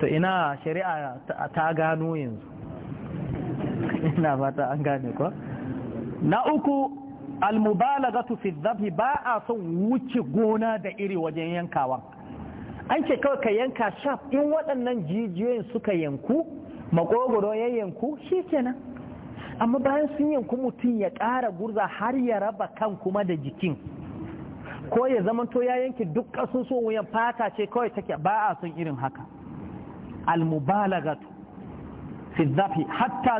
to ina shari'a ta gano yanzu ina fata an gane ko na uku almubalagatu fi dhabhi ba a son wuce gona da iri wajen yankawa an ce kawai ka yanka sharp in waɗannan jijiyoyin suka yanku makogoro ya yanku shi kenan amma bayan sun yanku mutum ya ƙara gurza har ya raba kan kuma da jikin ko ya zamanto ya yanke duk ƙasusuwan wuyan fata ce kawai take ba a son irin haka almubalagatu fi zafi hatta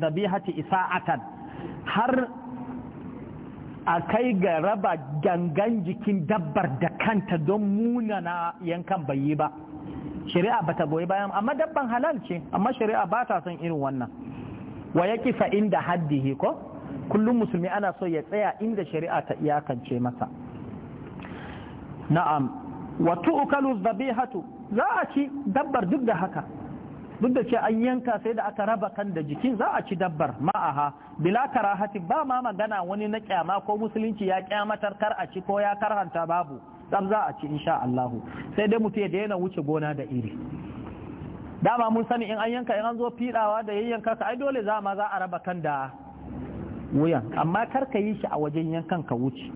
zabiha ra'asil isa isa'atan har a kai ga raba gangan jikin dabbar da kanta don munana yankan bai yi ba shari'a bata goyi bayan amma dabban halal ce amma shari'a ba ta son irin wannan wa ya kifa inda haddihi ko kullum musulmi ana so ya tsaya inda shari'a ta iyakance masa na'am wa tu'kalu dhabihatu za a ci dabbar duk da haka duk da ce an yanka sai da aka raba kan da jikin za a ci dabbar ma'aha bila karahati ba ma magana wani na kyama ko musulunci ya kyamatar kar a ci ko ya karhanta babu dan za a ci insha Allah sai dai mutum ya daina wuce gona da iri dama mun sani in an yanka in an zo fidawa da yayyanka ka ai dole za ma za a raba kan da wuyan amma kar ka yi shi a wajen yankan ka wuce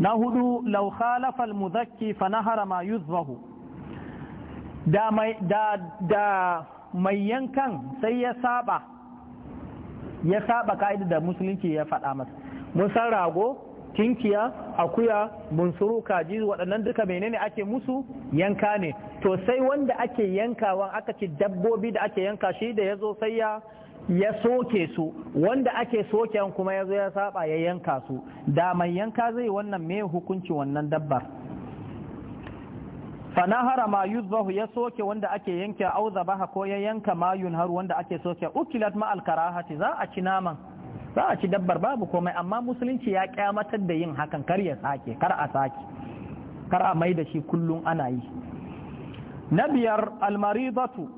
na hudu law khalafa al-mudhakki fa nahara ma yuzbahu da mai yankan sai ya saba ya saba ka'ida da musulunci ya faɗa masa mun san rago tinkiya akuya bunsuru kaji waɗannan duka menene ake musu yanka ne to sai wanda ake yankawan aka ce dabbobi da ake yanka shi da ya zo sai ya ya soke su wanda ake soke kuma ya zo ya saba ya yanka su da mai yanka zai wannan me hukunci wannan dabbar fanahara ma Bahu ya soke wanda ake yanke auza zabaha ko ya yanka Mayun Haru wanda ake soke ukilat ma alkarahati za a ci naman za a ci dabbar babu komai amma musulunci ya kyamatar da yin hakan kar ya sake kar a sake kar a mai da shi kullum ana yi na biyar almaridatu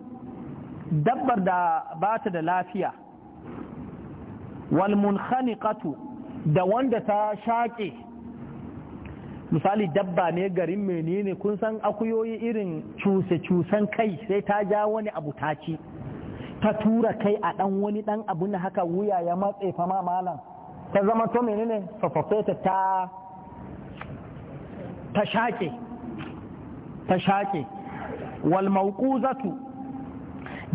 dabbar da bata da lafiya wal munkhaniqatu da wanda ta shaƙe misali dabba ne garin menene kun san akuyoyi irin cuse-cusen kai sai ta ja wani abu ta ci ta tura kai a dan wani dan abu na haka wuya ya matse fama malam ta zama to menene fafafe ta ta shake ta shake wal mauquzatu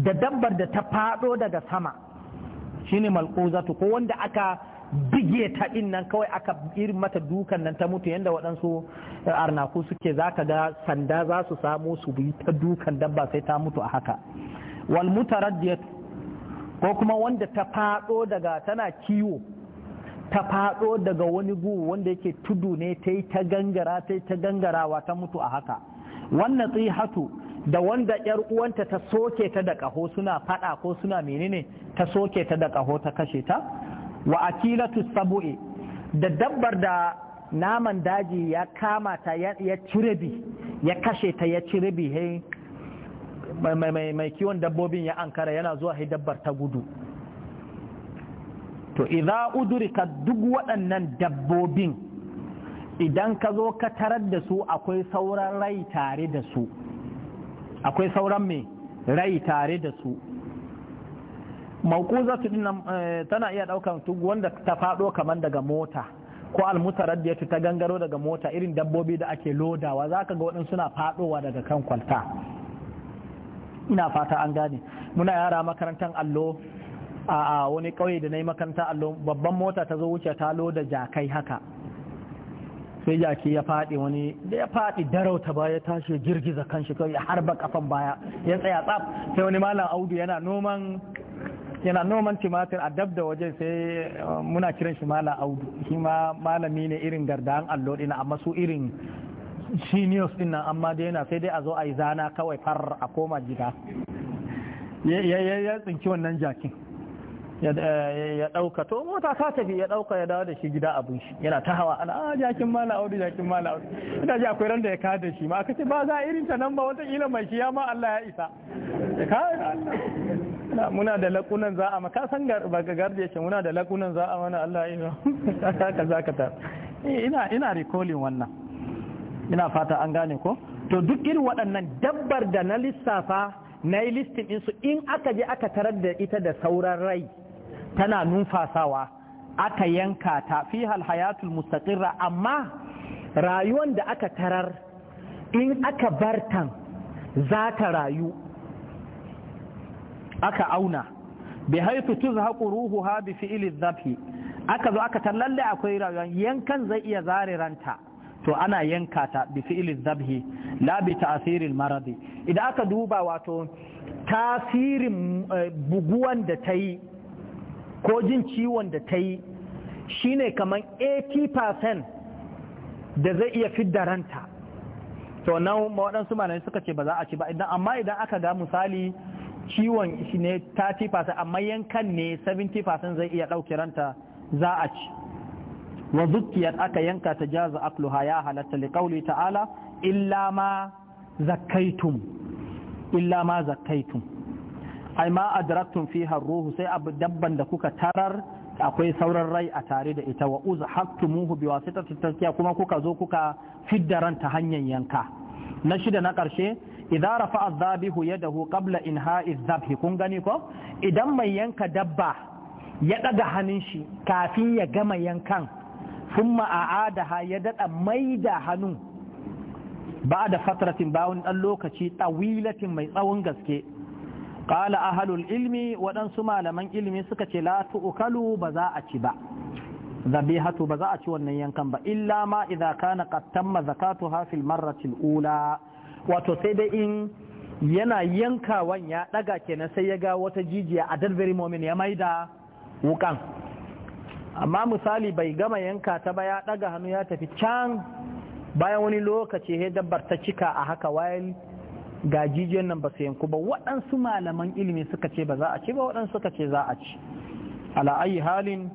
da dabbar da ta fado daga sama shine malquzatu ko wanda aka biye ta din nan kawai aka irin mata dukan nan ta mutu yanda waɗansu eh, arnaku suke za ka ga sanda za su samu su bi ta dukan dabba sai ta mutu a haka wal mutaraddiyat ko kuma wanda ta faɗo daga tana kiwo ta faɗo daga wani guwa wanda yake tudu ne ta yi ta gangara ta yi ta gangarawa ta mutu a haka wannan tsihatu da wanda ‘yar uwanta ta soke ta da ƙaho suna faɗa ko suna menene ta soke ta da ƙaho ta kashe ta wa akilatu sabu'i da dabbar da naman daji ya kama ta ya bi, ya kashe ta ya bi, he mai kiwon dabbobin ya ankara yana zuwa he dabbar ta gudu to idza udrika duk waɗannan dabbobin idan ka zo ka tarar da su akwai sauran rai tare da su akwai sauran mai rai tare da su mawquzatu din eh, tana iya daukan duk wanda ta faɗo kamar daga mota ko almutaraddiyatu ta gangaro daga mota irin dabbobi da ake lodawa zaka ga waɗansu suna fadowa daga kan kwalta ina fata an gane muna yara makarantar allo a wani kauye da na yi makarantar allo babban mota ta zo wuce ta loda jakai haka sai jaki ya faɗi wani da ya faɗi darauta baya tashi girgiza kan shi kawai har ba kafan baya ya tsaya tsaf sai wani malam audu yana noman yana noman tumatir a dab da waje sai uh, muna kiran shi mala audu shi ma malami ne irin gardahan allo dina amma su irin seniors din nan amma dai yana sai dai a zo a yi zana kawai far a koma gida ya tsinki wannan jakin eh, ya ɗauka to mota ta tafi ya ɗauka ya dawo da shi gida abin shi yana ta hawa ana ah jakin mala audu jakin mala audu ina ji akwai ran da ya ka da shi ma aka ce ba za irin ta nan ba wata kila mai shi ya ma Allah ya isa ya ka muna da lakunan za a maka san baka garje ce muna da lakunan za a mana Allah ya ka za ka ta eh, ina ina recalling wannan ina fata an gane ko to duk irin waɗannan dabbar da na lissafa na yi listin insu in aka je aka tarar da ita da sauran rai tana numfasawa aka yanka ta fi hayatul mustaqirra amma rayuwan da aka tarar in aka bartan za ta rayu aka auna bi haitu ruhu ha bi fi'li zafi aka zo aka tallalle akwai rayuwa yankan zai iya zare ranta to ana yanka ta bi fi'li zafi la bi ta'asirin maradi idan aka duba wato tasirin eh, buguwan da ta yi ko jin ciwon da ta yi shine kamar 80% da zai iya fidda ranta to nan waɗansu malamai suka ce ba za a ci ba idan amma idan aka ga misali ciwon shi ne 30% amma yankan ne 70% zai iya ɗauki ranta za a ci wa zukiyar aka yanka ta jaza akluha ya halatta liƙauli ta'ala illa ma Zakaitun. illa ma a ai ma adraktum ruhu sai abu dabban da kuka tarar akwai sauran rai a tare da ita wa bi biwasitati tazkiya kuma kuka zo kuka fidda ranta hanyar yanka na shida na ƙarshe idza rafa'a dhabihu yadahu qabla inha'i dhabhi kun gani ko idan mai yanka dabba ya daga hannun shi kafin ya gama yankan thumma a'adaha ya dada maida hannun ba da fatratin wani dan lokaci tawilatin mai tsawon gaske qala ahlul ilmi waɗansu malaman ilmi suka ce la tu'kalu ba za a ci ba zabihatu ba za a ci wannan yankan ba illa ma idza kana qad tamma zakatuha fil marrati al-ula wato sai dai in yana yankawan ya daga kenan sai ya ga wata jijiya a that very moment ya maida wukan amma misali bai gama yanka ta ba ya daga hannu ya tafi can bayan wani lokaci ya dabbar ta cika a haka wayan ga jijiyan nan ba su yanku ba waɗansu malaman ilimi suka ce ba za a ci ba waɗansu suka ce za a ci ala ayi halin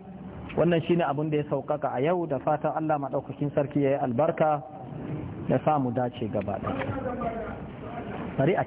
wannan shine abin da ya saukaka a yau da fatan Allah maɗaukakin sarki ya yi albarka Yasa samu dace gaba ɗaya bari a